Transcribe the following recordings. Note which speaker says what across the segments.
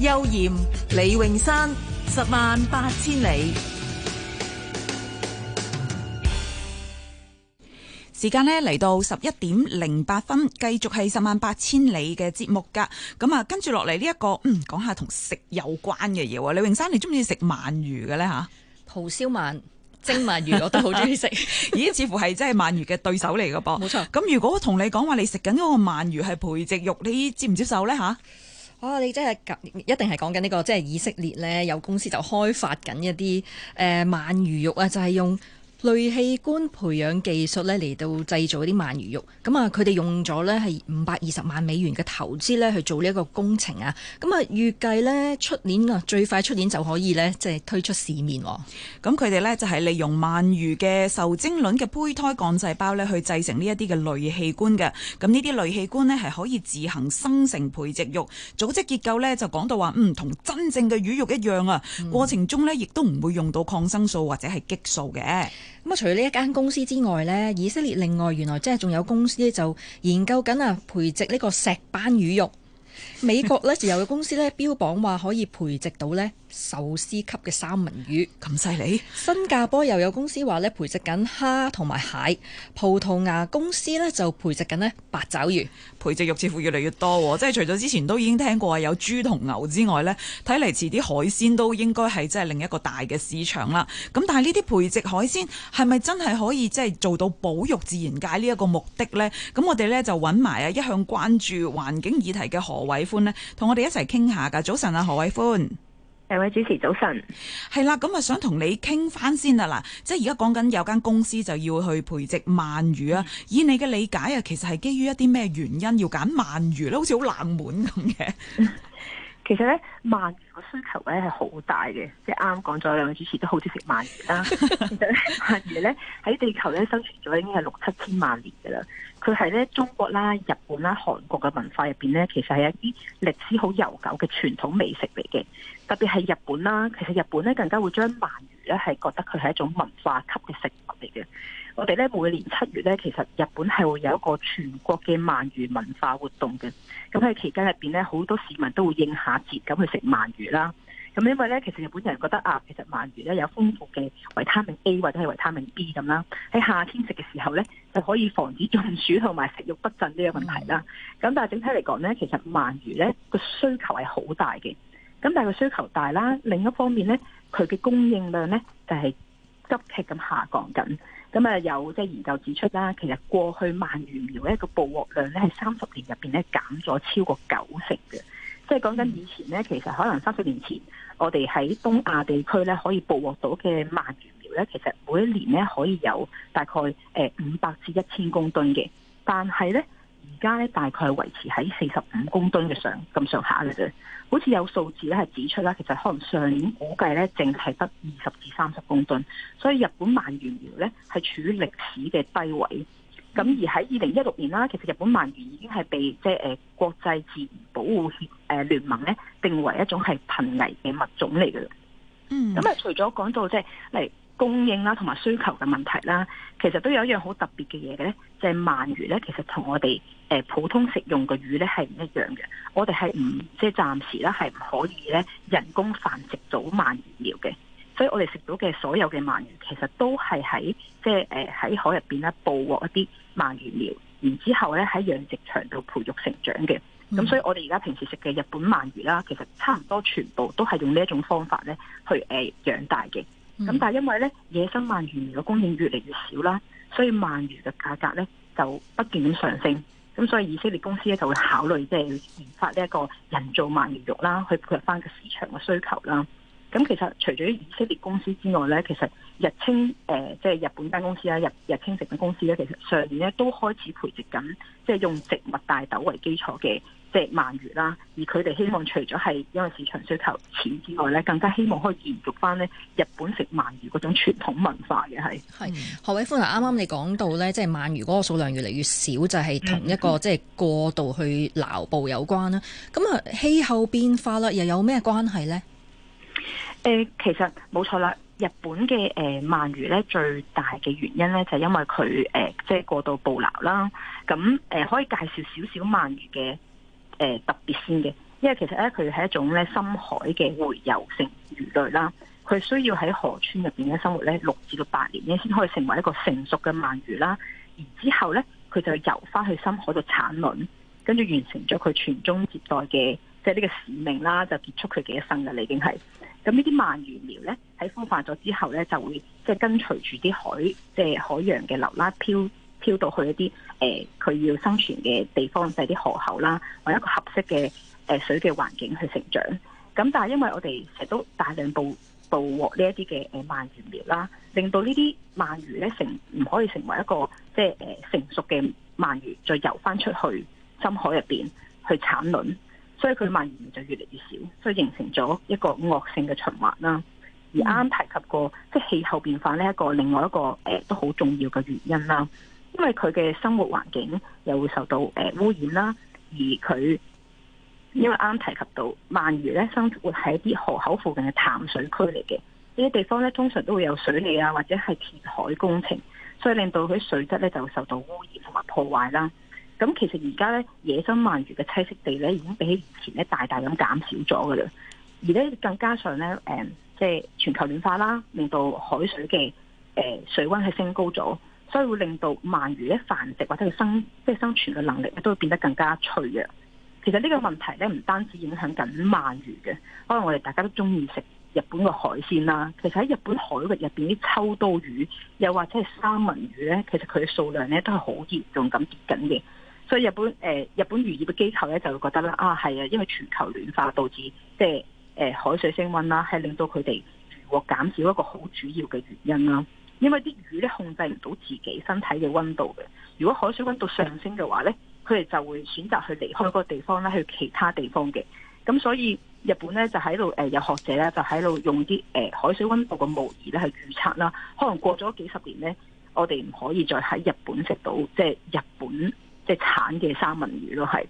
Speaker 1: 邱賢、李永山，十萬八千里。時間咧嚟到十一點零八分，繼續係十萬八千里嘅節目噶。咁啊，跟住落嚟呢一個，嗯，講下同食有關嘅嘢。李永山，你中唔中意食鰻魚嘅咧？吓，
Speaker 2: 蒲燒鰻、蒸鰻魚我也很喜歡吃，我都
Speaker 1: 好中意食。咦，似乎係真係鰻魚嘅對手嚟嘅噃。冇錯。咁如果同你
Speaker 2: 講話，你食緊嗰個鰻魚
Speaker 1: 係培植肉，你接唔接受咧？吓？
Speaker 2: 啊、哦！你即、就、係、是、一定係講緊呢個，即、就、係、是、以色列呢，有公司就開發緊一啲誒鰻魚肉啊，就係、是、用類器官培養技術咧嚟到製造啲鰻魚肉，咁啊佢哋用咗咧係五百二十萬美元嘅投資咧去做呢一個工程啊，咁啊預計咧出年啊最快出年就可以咧即係推出市面。咁佢哋咧就係
Speaker 1: 利用鰻魚嘅受精卵嘅胚胎干細胞咧去製成呢一啲嘅類器官嘅，咁呢啲類器官咧係可以自行生成培植肉組織結構咧就講到話，嗯，同真正嘅魚肉一樣啊，過程中咧亦都唔會用到抗生素或者係激
Speaker 2: 素嘅。咁除咗呢一間公司之外咧，以色列另外原來真係仲有公司咧，就研究緊啊培植呢個石斑魚肉。美國咧又有啲公司咧標榜話可以培植到咧壽司級嘅三文魚，咁犀利？新加坡又有公司話咧培植緊蝦同埋蟹，葡萄牙公司咧就培植緊咧八爪魚，培
Speaker 1: 植肉似乎越嚟越多。即係除咗之前都已經聽過有豬同牛之外咧，睇嚟遲啲海鮮都應該係即係另一個大嘅市場啦。咁但係呢啲培植海鮮係咪真係可以即係做到保育自然界呢一個目的呢？咁我哋呢就揾埋啊一向關注環境議題嘅何偉歡咧，同我哋一齊傾下噶。早晨啊，何偉歡，兩位主持早晨。係啦，咁啊，想同你傾翻先啦。嗱，即係而家講緊有間公司就要去培植鰻魚啊、嗯。以你嘅理解啊，其實係基於一啲咩原因要揀鰻魚咧？好似好冷門咁嘅。
Speaker 3: 其實咧，鰻魚個需求咧係好大嘅。即係啱啱講咗，兩位主持都好中意食鰻魚啦。 其實鰻魚咧喺地球咧生存咗已經係六七千萬年噶啦。佢係咧中國啦、日本啦、韓國嘅文化入邊咧，其實係一啲歷史好悠久嘅傳統美食嚟嘅。特別係日本啦，其實日本咧更加會將鰻魚咧係覺得佢係一種文化級嘅食物嚟嘅。我哋咧每年七月咧，其實日本係會有一個全國嘅鰻魚文化活動嘅。咁喺期間入邊咧，好多市民都會應下節咁去食鰻魚啦。咁因為咧，其實日本人覺得啊，其實鰻魚咧有豐富嘅維他命 A 或者係維他命 B 咁啦。喺夏天食嘅時候咧，就可以防止中暑同埋食慾不振呢個問題啦。咁但係整體嚟講咧，其實鰻魚咧個需求係好大嘅。咁但係個需求大啦，另一方面咧，佢嘅供應量咧就係急劇咁下降緊。咁啊，有即係研究指出啦，其實過去鰻魚苗咧個捕獲量咧係三十年入邊咧減咗超過九成嘅。即係講緊以前咧，其實可能三十年前。我哋喺東亞地區咧，可以捕獲到嘅鰻魚苗咧，其實每一年咧可以有大概誒五百至一千公噸嘅，但係咧而家咧大概維持喺四十五公噸嘅上咁上下嘅啫。好似有數字咧係指出啦，其實可能上年估計咧淨係得二十至三十公噸。所以日本鰻魚苗咧係處於歷史嘅低位。咁而喺二零一六年啦，其實日本鰻魚已經係被即係誒國際自然保護協誒、呃、聯盟咧定為一種係瀕危嘅物種嚟嘅啦。嗯。咁啊，除咗講到即係嚟供應啦，同埋需求嘅問題啦，其實都有一樣好特別嘅嘢嘅咧，就係、是、鰻魚咧，其實同我哋誒、呃、普通食用嘅魚咧係唔一樣嘅。我哋係唔即係暫時咧係唔可以咧人工繁殖到鰻魚苗嘅，所以我哋食到嘅所有嘅鰻魚其實都係喺即係誒喺海入邊咧捕獲一啲。鰻魚苗，然之後咧喺養殖場度培育成長嘅。咁、嗯、所以我哋而家平時食嘅日本鰻魚啦，其實差唔多全部都係用呢一種方法咧去誒養大嘅。咁、嗯、但係因為咧野生鰻魚嘅供應越嚟越少啦，所以鰻魚嘅價格咧就不斷上升。咁、嗯、所以以色列公司咧就會考慮即係研發呢一個人造鰻魚肉啦，去配合翻個市場嘅需求啦。咁其實除咗以色列公司之外咧，其實日清誒，即、呃、係、就是、日本間公司啦，日日清食品公司咧，其實上年咧都開始培植緊，即、就、係、是、用植物大豆為基礎嘅即係鰻魚啦。而佢哋希望除咗係因為市場需求錢之外咧，更加希望可以延續翻咧日本食鰻魚嗰種傳統文化嘅。係，
Speaker 2: 係何偉歡啊。啱啱你講到咧，即、就、係、是、鰻魚嗰個數量越嚟越少，就係、是、同一個即係、就是、過度去撈捕有關啦。咁、嗯、啊，嗯、氣候變化啦，又有
Speaker 3: 咩關係咧？誒，其實冇錯啦。日本嘅、誒鰻魚咧，最大嘅原因咧就係因為佢誒、即係過度捕撈啦。咁誒、可以介紹少少鰻魚嘅、誒特別先嘅，因為其實咧佢係一種咧深海嘅回游性魚類啦。佢需要喺河川入邊嘅生活咧六至到八年咧先可以成為一個成熟嘅鰻魚啦。然之後咧佢就游翻去深海度產卵，跟住完成咗佢傳宗接代嘅即係呢個使命啦，就結束佢嘅一生噶你已經係。咁呢啲鰻魚苗咧，喺孵化咗之後咧，就會即係跟隨住啲海，即係海洋嘅流啦，漂漂到去一啲誒，佢、呃、要生存嘅地方，就係啲河口啦，或者一個合適嘅誒水嘅環境去成長。咁但係因為我哋成日都大量捕捕獲呢一啲嘅誒鰻魚苗啦，令到呢啲鰻魚咧成唔可以成為一個即係誒成熟嘅鰻魚，再游翻出去深海入邊去產卵。所以佢鰻魚就越嚟越少，所以形成咗一個惡性嘅循環啦。而啱提及過，即係氣候變化呢一個另外一個誒都好重要嘅原因啦。因為佢嘅生活環境又會受到誒污染啦，而佢因為啱提及到鰻魚咧，生活喺啲河口附近嘅淡水區嚟嘅，呢啲地方咧通常都會有水利啊或者係填海工程，所以令到佢水質咧就會受到污染同埋破壞啦。咁其實而家咧野生鰻魚嘅棲息地咧已經比起以前咧大大咁減少咗噶啦，而咧更加上咧誒，即係全球暖化啦，令到海水嘅誒水温係升高咗，所以會令到鰻魚咧繁殖或者佢生即係生存嘅能力咧都會變得更加脆弱。其實呢個問題咧唔單止影響緊鰻魚嘅，可能我哋大家都中意食日本嘅海鮮啦，其實喺日本海域入邊啲秋刀魚又或者係三文魚咧，其實佢嘅數量咧都係好嚴重咁跌緊嘅。所以日本誒、呃、日本漁業嘅機構咧就會覺得啦，啊係啊，因為全球暖化導致即係誒海水升温啦，係令到佢哋漁獲減少一個好主要嘅原因啦。因為啲魚咧控制唔到自己身體嘅温度嘅，如果海水温度上升嘅話咧，佢哋就會選擇去離開嗰個地方啦，去其他地方嘅。咁所以日本咧就喺度誒有學者咧就喺度用啲誒、呃、海水溫度嘅模擬咧去預測啦，可能過咗幾十年咧，我哋唔可以再喺日本食到即係、就係、日本。即係產嘅三文魚咯，係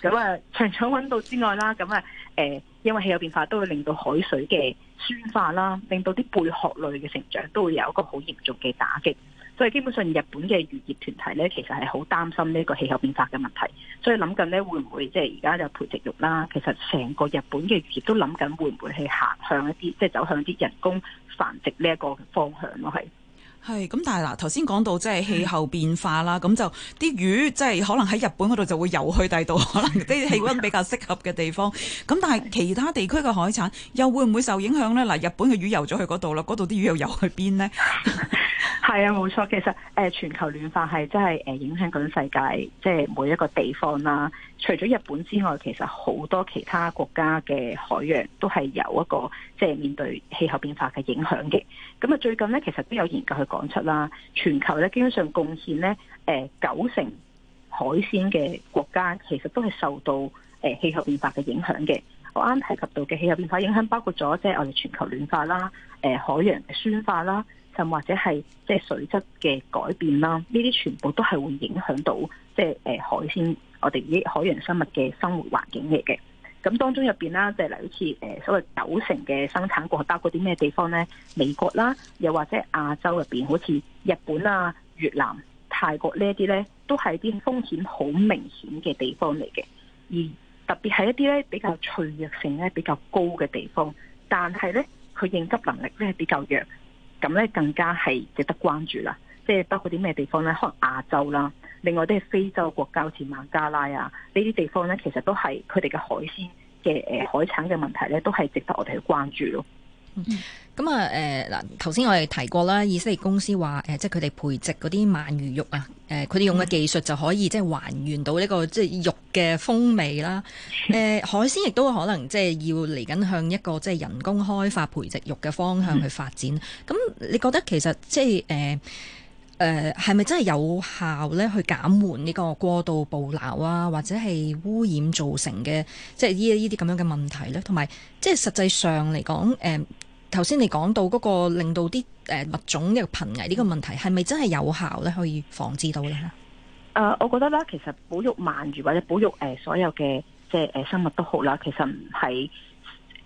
Speaker 3: 咁啊！除咗溫度之外啦，咁啊誒，因為氣候變化都會令到海水嘅酸化啦，令到啲貝殼類嘅成長都會有一個好嚴重嘅打擊，所以基本上日本嘅漁業團體咧，其實係好擔心呢個氣候變化嘅問題，所以諗緊咧會唔會即係而家就培植肉啦？其實成個日本嘅漁業都諗緊會唔會去行向一啲即係走向啲人工繁殖呢一個方向咯，係。
Speaker 1: 係咁，但係嗱，頭先講到即係氣候變化啦，咁、嗯、就啲魚即係、就是、可能喺日本嗰度就會游去第度，可能啲氣温比較適合嘅地方。咁、嗯、但係其他地區嘅海產又會唔會受影響呢？嗱，日本嘅魚游咗去嗰度啦，嗰度啲魚又游去邊呢？
Speaker 3: 係啊，冇錯，其實誒、呃、全球暖化係真係誒影響緊世界，即、就、係、是、每一個地方啦。除咗日本之外，其實好多其他國家嘅海洋都係有一個即係、就是、面對氣候變化嘅影響嘅。咁啊，最近呢，其實都有研究去。講出啦，全球咧，基本上貢獻咧，誒九成海鮮嘅國家其實都係受到誒氣候變化嘅影響嘅。我啱提及到嘅氣候變化影響包括咗，即係我哋全球暖化啦，誒海洋酸化啦，甚至或者係即係水質嘅改變啦，呢啲全部都係會影響到即係誒海鮮我哋啲海洋生物嘅生活環境嚟嘅。咁當中入面啦，即係好似所謂九成嘅生產國，包括啲咩地方呢？美國啦，又或者亞洲入面，好似日本啊、越南、泰國呢一啲呢，都係啲風險好明顯嘅地方嚟嘅。而特別係一啲呢比較脆弱性呢比較高嘅地方，但係呢，佢應急能力呢比較弱，咁呢，更加係值得關注啦。即係包括啲咩地方呢？可能亞洲啦，另外啲係非洲國家，好似孟加拉啊呢啲地方呢，其實都係佢哋嘅海鮮嘅誒、呃、海產嘅
Speaker 2: 問題咧，都係值得我哋去關注咯。咁、嗯、啊誒嗱，頭、呃、先我哋提過啦，以色列公司話誒、呃，即係佢哋培植嗰啲鰻魚肉啊，誒佢哋用嘅技術就可以即係還原到呢、這個即係肉嘅風味啦。誒、嗯呃、海鮮亦都可能即係要嚟緊向一個即係人工開發培植肉嘅方向去發展。咁、嗯、你覺得其實即係誒？呃誒係咪真係有效咧？去減緩呢個過度捕撈啊，或者係污染造成嘅，即係依依啲咁樣嘅問題咧。同埋，即係實際上嚟講，誒頭先你講到嗰個令到啲誒、呃、物種嘅瀕危呢個問題，係咪真係有效咧？可以防止到咧？誒，
Speaker 3: 我覺得啦，其實保育鰻魚或者保育誒、呃、所有嘅即係誒生物都好啦。其實唔係。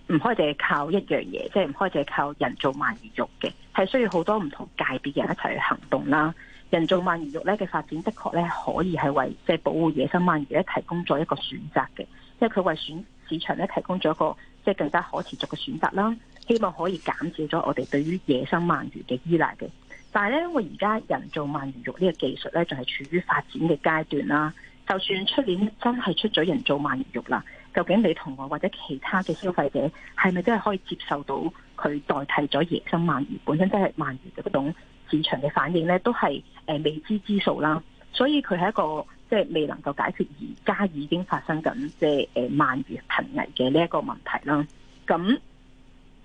Speaker 3: 唔可以淨係靠一樣嘢，即係唔可以淨係靠人造鰻魚肉嘅，係需要好多唔同界別嘅人一齊去行動啦。人造鰻魚肉咧嘅發展的確咧，可以係為即係、就是、保護野生鰻魚咧提供咗一個選擇嘅，因、就是、為佢為選市場咧提供咗一個即係、就是、更加可持續嘅選擇啦。希望可以減少咗我哋對於野生鰻魚嘅依賴嘅。但係咧，因為而家人造鰻魚肉呢個技術咧仲係處於發展嘅階段啦。就算出年真係出咗人造鰻魚肉啦。究竟你同我或者其他嘅消費者係咪真係可以接受到佢代替咗野生鰻魚本身真係鰻魚嘅嗰種市場嘅反應呢？都係誒未知之數啦。所以佢係一個即係未能夠解決而家已經發生緊即係誒鰻魚瀕危嘅呢一個問題啦。咁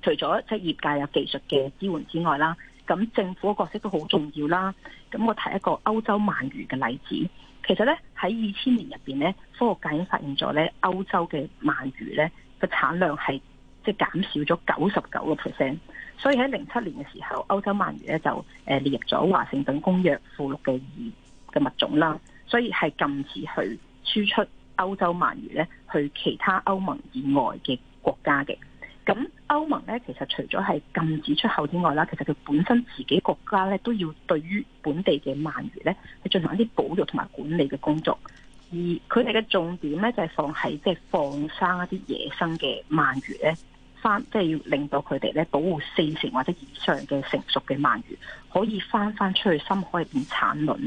Speaker 3: 除咗即係業界有技術嘅支援之外啦。咁政府嘅角色都好重要啦。咁我提一個歐洲鰻魚嘅例子。其實咧喺二千年入邊咧，科學界已經發現咗咧歐洲嘅鰻魚咧個產量係即係減少咗九十九個 percent。所以喺零七年嘅時候，歐洲鰻魚咧就誒列入咗《華盛頓公約》附錄嘅二嘅物種啦。所以係禁止去輸出歐洲鰻魚咧去其他歐盟以外嘅國家嘅。咁歐盟咧，其實除咗係禁止出口之外啦，其實佢本身自己國家咧都要對於本地嘅鰻魚咧，去進行一啲保育同埋管理嘅工作。而佢哋嘅重點咧就係、是、放喺即係放生一啲野生嘅鰻魚咧，翻即係、就是、要令到佢哋咧保護四成或者以上嘅成熟嘅鰻魚，可以翻翻出去深海入面產卵，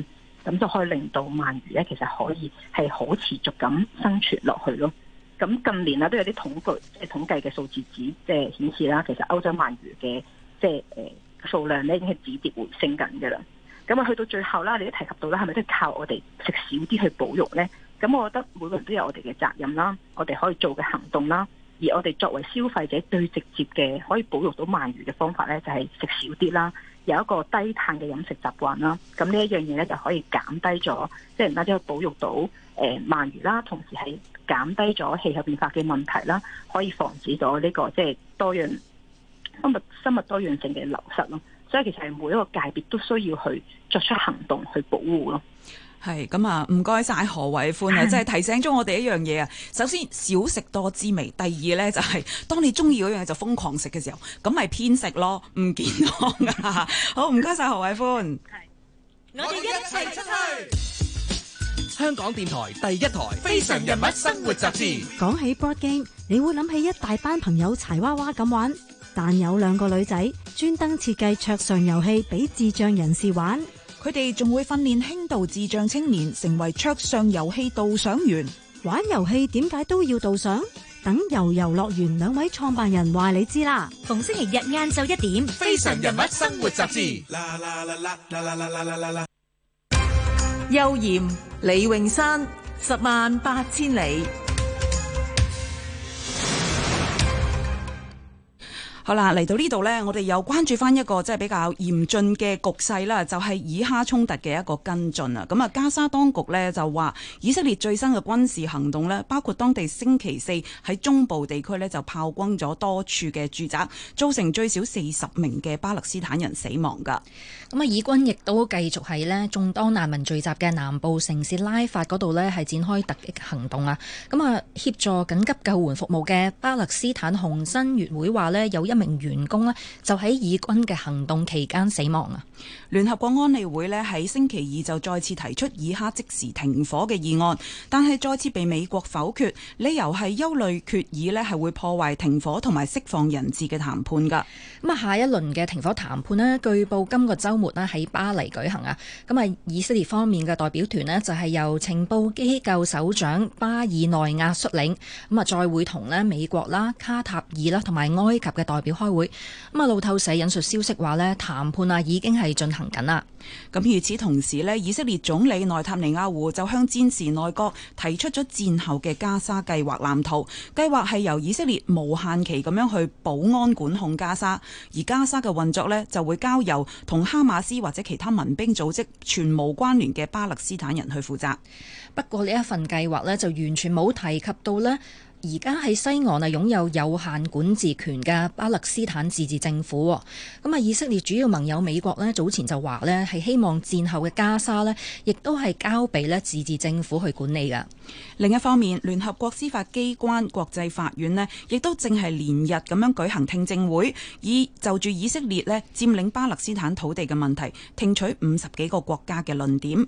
Speaker 3: 咁就可以令到鰻魚咧其實可以係可持續咁生存落去咯。咁近年啦都有啲統計，即係統計嘅數字指，即係顯示啦，其實歐洲鰻魚嘅即係誒數量咧已經係止跌回升緊㗎啦。咁啊去到最後啦，你都提及到啦，係咪都係靠我哋食少啲去保育咧？咁我覺得每個人都有我哋嘅責任啦，我哋可以做嘅行動啦，而我哋作為消費者最直接嘅可以保育到鰻魚嘅方法咧，就係食少啲啦。有一個低碳嘅飲食習慣啦，咁呢一樣嘢咧就可以減低咗，即係唔單止可以保育到誒鰻魚啦，同時係減低咗氣候變化嘅問題啦，可以防止咗呢個即係多樣生物生物多樣性嘅流失咯。所以其實係每一個界別
Speaker 1: 都需要去作出行動去保護咯。係咁啊！唔該曬何偉歡啊，即、嗯、係提醒咗我哋一樣嘢啊。首先少食多滋味，第二呢，就係、是、當你中意嗰樣嘢就瘋狂食嘅時候，咁咪偏食咯，唔健康啊！ 好唔該曬何偉
Speaker 2: 歡。我哋一齊出去。香港電台第一台非常人物生活雜誌。講起 board game，你會諗起一大班朋友柴娃娃咁玩，但有兩個女仔專登設計桌上遊戲俾智障
Speaker 1: 人士玩。佢哋仲會訓練輕度智障青年成為桌上遊戲導
Speaker 2: 賞員，玩遊戲點解都要導賞？等遊遊樂園兩位創辦人話你知啦。
Speaker 3: 逢星期日晏晝一點，非常人物生活雜誌。啦啦啦啦啦啦啦啦啦啦！
Speaker 1: 邱賢、李榮山，十萬八千里。好啦，嚟到呢度咧，我哋又關注翻一個即係比較嚴峻嘅局勢啦，就係以哈衝突嘅一個跟進啦。咁啊，加沙當局咧就話以色列最新嘅軍事行動咧，包括當地星期四喺中部地區咧就炮轟咗多處嘅住宅，造成最少四十名嘅巴勒斯坦人死亡㗎。咁
Speaker 2: 啊，以軍亦都繼續係咧，眾多難民聚集嘅南部城市拉法嗰度咧，係展開突擊行動啊。咁啊，協助緊急救援服務嘅巴勒斯坦紅新月會話咧，有一一名員工咧就喺以軍嘅行動期間死亡啊！
Speaker 1: 聯合國安理會咧喺星期二就再次提出以哈即時停火嘅議案，但係再次被美國否決，理由係憂慮決議咧係會破壞停火同埋釋
Speaker 2: 放人質嘅談判噶。咁啊，下一輪嘅停火談判咧，據報今個周末咧喺巴黎舉行啊！咁啊，以色列方面嘅代表團咧就係由情報機構首長巴爾內亞率領，咁啊再會同咧美國啦、卡塔爾啦同埋埃及嘅代表。表開會，咁啊路透社，引述消息話呢談判啊已經係進行緊啦。咁與此同時咧，以色列總理內塔尼亞胡就向戰時內閣
Speaker 1: 提出咗戰後嘅加沙計劃藍圖，計劃係由以色列無限期咁樣去保安管控加沙，而加沙嘅運作呢就會交由同哈馬斯或
Speaker 2: 者其他民兵組織全無關聯嘅巴勒斯坦人去負責。不過呢一份計劃呢就完全冇提及到呢。而家喺西岸，啊，擁有有限管治權嘅巴勒斯坦自治政府。咁啊，以色列主要盟友美國呢，早前就話呢，係希望戰後嘅加沙呢，亦都係交俾呢自治政府去管理嘅。另一方面，聯合國司法機關國際法院呢，亦都正係連日
Speaker 1: 咁樣舉行聽證會，以就住以色列呢佔領巴勒斯坦土地嘅問題，
Speaker 2: 聽取五十幾個國家嘅論點。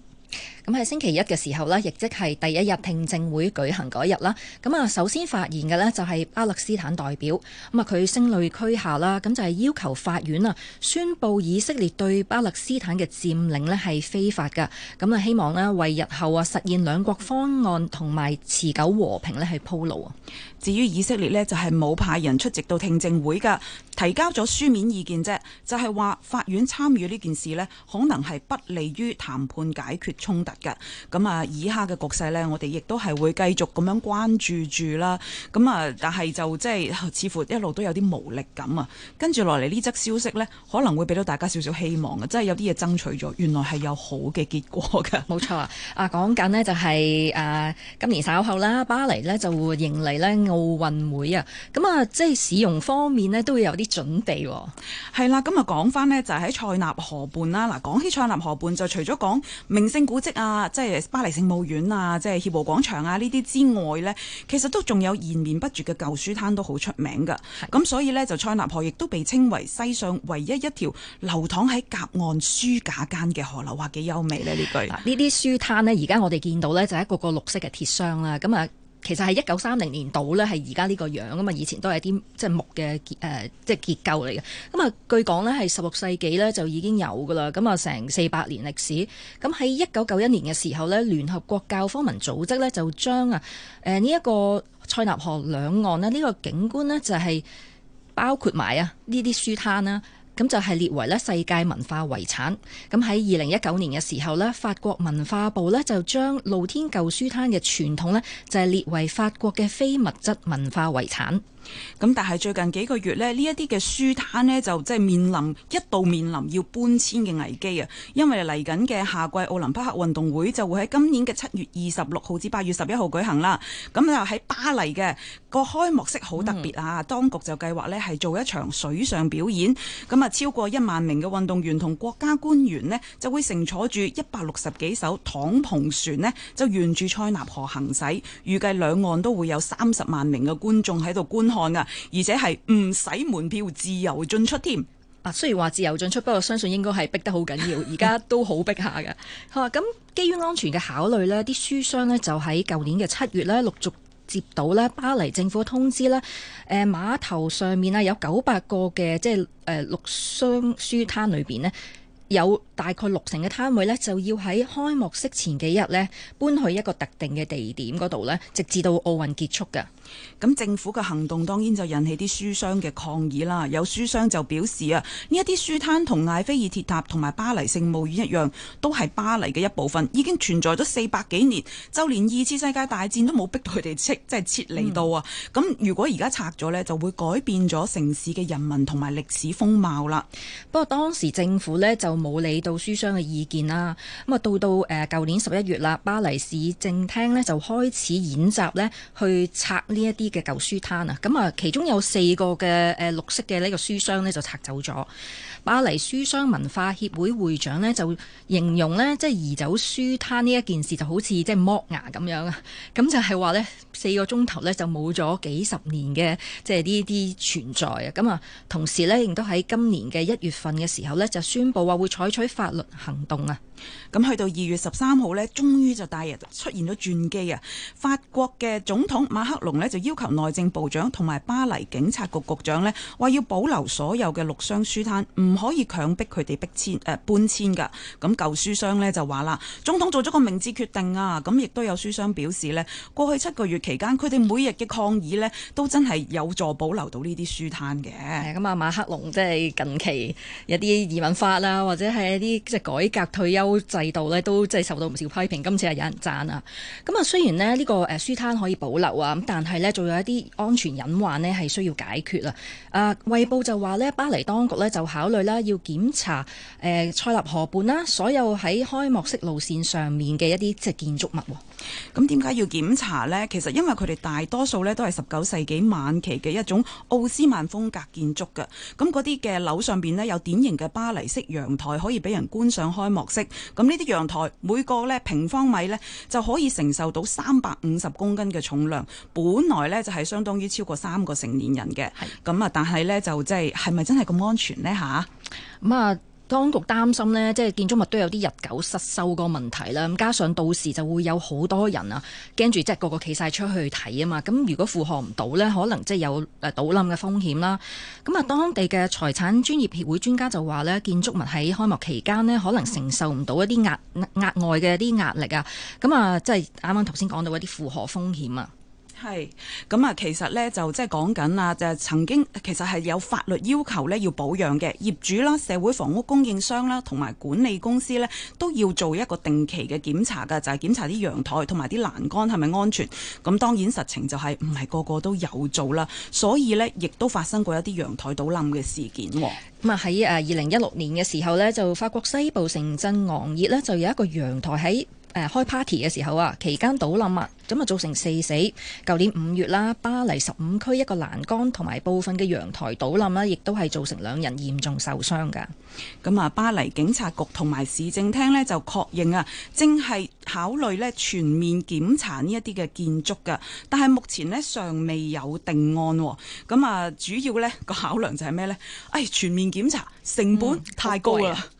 Speaker 2: 咁喺星期一嘅時候呢，亦即係第一日聽證會舉行嗰日啦。咁啊，首先發言嘅呢就係巴勒斯坦代表。咁啊，佢聲淚俱下啦。咁就係要求法院啊，宣布以色列對巴勒斯坦嘅佔領呢係非法嘅。咁啊，希望咧為日後啊實現兩國方案同埋持久和平呢係鋪路啊。至於以色列呢，就係冇派人出席到
Speaker 1: 聽證會噶，提交咗書面意見啫。就係話法院參與呢件事呢，可能係不利於談判解決。衝突噶，咁啊，以下嘅局勢呢，我哋亦都係會繼續咁樣關注住啦。咁啊，但係就即係似乎一路都有啲無力感啊。跟住落嚟呢則消息呢，可能會俾到大家少少希望啊。即係有啲嘢爭
Speaker 2: 取咗，原來係有好嘅結果嘅。冇錯啊！啊，講緊呢就係誒，今年稍後啦，巴黎呢就會迎嚟呢奧運會啊。咁啊，即係使，市容方面呢，都會有啲準備。係啦，咁啊，講翻、啊、呢就係、是、喺塞納河畔啦。嗱、
Speaker 1: 啊，講起塞納河畔，就除咗講明星。古蹟啊，即係巴黎聖母院啊，即係協和廣場啊，呢啲之外呢，其實都仲有延綿不絕嘅舊書攤都好出名噶。咁所以呢，就塞納河亦都被稱為世上唯一一條流淌喺隔岸書
Speaker 2: 架間嘅河流啊，幾優美呢呢句。呢啲書攤呢，而家我哋見到呢，就係一個個綠色嘅鐵箱啦。咁啊。其實係一九三零年倒呢，係而家呢個樣咁嘛。以前都係啲即係木嘅結誒、呃，即係結構嚟嘅。咁啊，據講呢，係十六世紀呢就已經有噶啦，咁啊成四百年歷史。咁喺一九九一年嘅時候呢，聯合國教科文組織呢就將啊誒呢一個塞納河兩岸咧呢、呢個景觀呢，就係包括埋啊呢啲書攤啦。咁就係列為咧世界文化遺產。咁喺二零一九年嘅時候咧，法國文化部咧就將露天舊書攤嘅傳統咧就係列為法國嘅非物質文化遺產。咁但係最近幾
Speaker 1: 個月呢，呢一啲嘅書攤呢，就即係面臨一度面臨要搬遷嘅危機啊！因為嚟緊嘅夏季奧林匹克運動會就會喺今年嘅七月二十六號至八月十一號舉行啦。咁就喺巴黎嘅個開幕式好特別啊。嗯，當局就計劃呢，係做一場水上表演。咁啊，超過一萬名嘅運動員同國家官員呢，就會乘坐住一百六十幾艘躺篷船，呢就沿住塞納河行駛。預計兩岸都會有三十萬名嘅觀眾喺度觀看。看，而且係唔
Speaker 2: 使門票，自由進出添。啊，雖然話自由進出，不過相信應該係逼得好緊要。而家都好逼下嘅。好 咁基於安全嘅考慮呢，啲書商呢就喺舊年嘅七月呢，陸續接到呢巴黎政府通知呢誒，碼頭上面啊有九百個嘅，即係誒，綠箱書攤裏邊呢。有。大概六成嘅攤位呢，就要喺開幕式前幾日呢搬去一個特定嘅地點嗰度呢，直至到奧運結束嘅。
Speaker 1: 咁政
Speaker 2: 府嘅行動當然就引起啲書商
Speaker 1: 嘅抗議啦。有書商就表示啊，呢一啲書攤同艾菲爾鐵塔同埋巴黎聖母院一樣，都係巴黎嘅一部分，已經存在咗四百幾年，就連二次世界大戰都冇逼佢哋撤，即係撤離到啊。咁、嗯、如果而家拆咗呢，就會改變咗
Speaker 2: 城市嘅人民同埋歷史風貌啦。不過當時政府呢，就冇理，舊書商嘅意見啦，咁啊到到誒舊年十一月啦，巴黎市政廳呢就開始演習呢去拆呢一啲嘅舊書攤啊，咁啊其中有四個嘅誒綠色嘅呢個書箱呢就拆走咗。巴黎書商文化協會會,會長呢就形容呢，即係移走書攤呢一件事就好似即係剝牙咁樣啊，咁就係話呢，四個鐘頭呢就冇咗幾十年嘅即係呢啲存在啊，咁啊同時呢，亦都喺今年嘅一月份嘅時候呢，就宣布話會採取。法律行動啊！咁去到二月十三號呢，終於就帶人出現咗轉機啊！
Speaker 1: 法國嘅總統馬克龍呢，就要求內政部長同埋巴黎警察局局長呢，話要保留所有嘅綠箱書攤，唔可以強迫佢哋逼遷誒、呃、搬遷噶。咁舊書商呢就話啦，總統做咗個明智決定啊！咁亦都有書商表示呢，過去七個月期間，佢哋每日嘅抗議呢，都真係有助保留到呢啲書攤
Speaker 2: 嘅。咁啊，馬克龍即係近期有啲移民法啦，或者係一啲。即係改革退休制度咧，都即係受到唔少批評。今次係有人贊啊！咁啊，雖然咧呢個誒書攤可以保留啊，咁但係咧仲有一啲安全隱患咧係需要解決啦。啊，衛報就話咧，巴黎當局咧就考慮啦，要檢查誒塞納河畔啦，所有喺開幕式路線上面嘅一啲即係建築物。咁點解要檢
Speaker 1: 查呢？其實因為佢哋大多數咧都係十九世紀晚期嘅一種奧斯曼風格建築嘅。咁嗰啲嘅樓上邊呢，有典型嘅巴黎式陽台，可以俾人觀賞開幕式。咁呢啲陽台每個咧平方米呢，就可以承受到三百五十公斤嘅重量。本來呢，就係相當於超過三個成年人嘅。咁啊，但
Speaker 2: 係呢，就即係係咪真係咁安全呢？吓、啊，嗯當局擔心呢，即係建築物都有啲日久失修個問題啦。咁加上到時就會有好多人啊，驚住，即係個個企晒出去睇啊嘛。咁如果負荷唔到呢，可能即係有誒倒冧嘅風險啦。咁啊，當地嘅財產專業協會專家就話呢，建築物喺開幕期間呢，可能承受唔到一啲壓額外嘅一啲壓力啊。咁啊，即係啱啱頭先講到一啲負荷風險啊。係咁啊，其實咧
Speaker 1: 就即係講緊
Speaker 2: 啊，就係曾經其實
Speaker 1: 係有法律要求咧，要保養嘅業主啦、社會房屋供應商啦同埋管理公司咧，都要做一個定期嘅檢查噶，就係、是、檢查啲陽台同埋啲欄杆係咪安全。咁當然實情就係唔係個個都有做啦，所以咧亦都發生過一啲陽台倒冧嘅事件。咁
Speaker 2: 啊喺誒二零一六年嘅時候咧，就法國西部城鎮昂熱咧，就有一個陽台喺。誒，開 party 嘅時候啊，期間倒冧啊，咁啊造成四死。舊年五月啦，巴黎十五區一個欄杆同埋部分嘅陽台倒冧啦，亦都係造成兩人嚴重受傷噶。咁啊，巴黎警察局同埋
Speaker 1: 市政廳呢就確認啊，正係考慮呢全面檢查呢一啲嘅建築噶，但係目前呢，尚未有定案。咁啊，主要呢個考量就係咩呢？誒、哎，全面檢查成本太高啦。嗯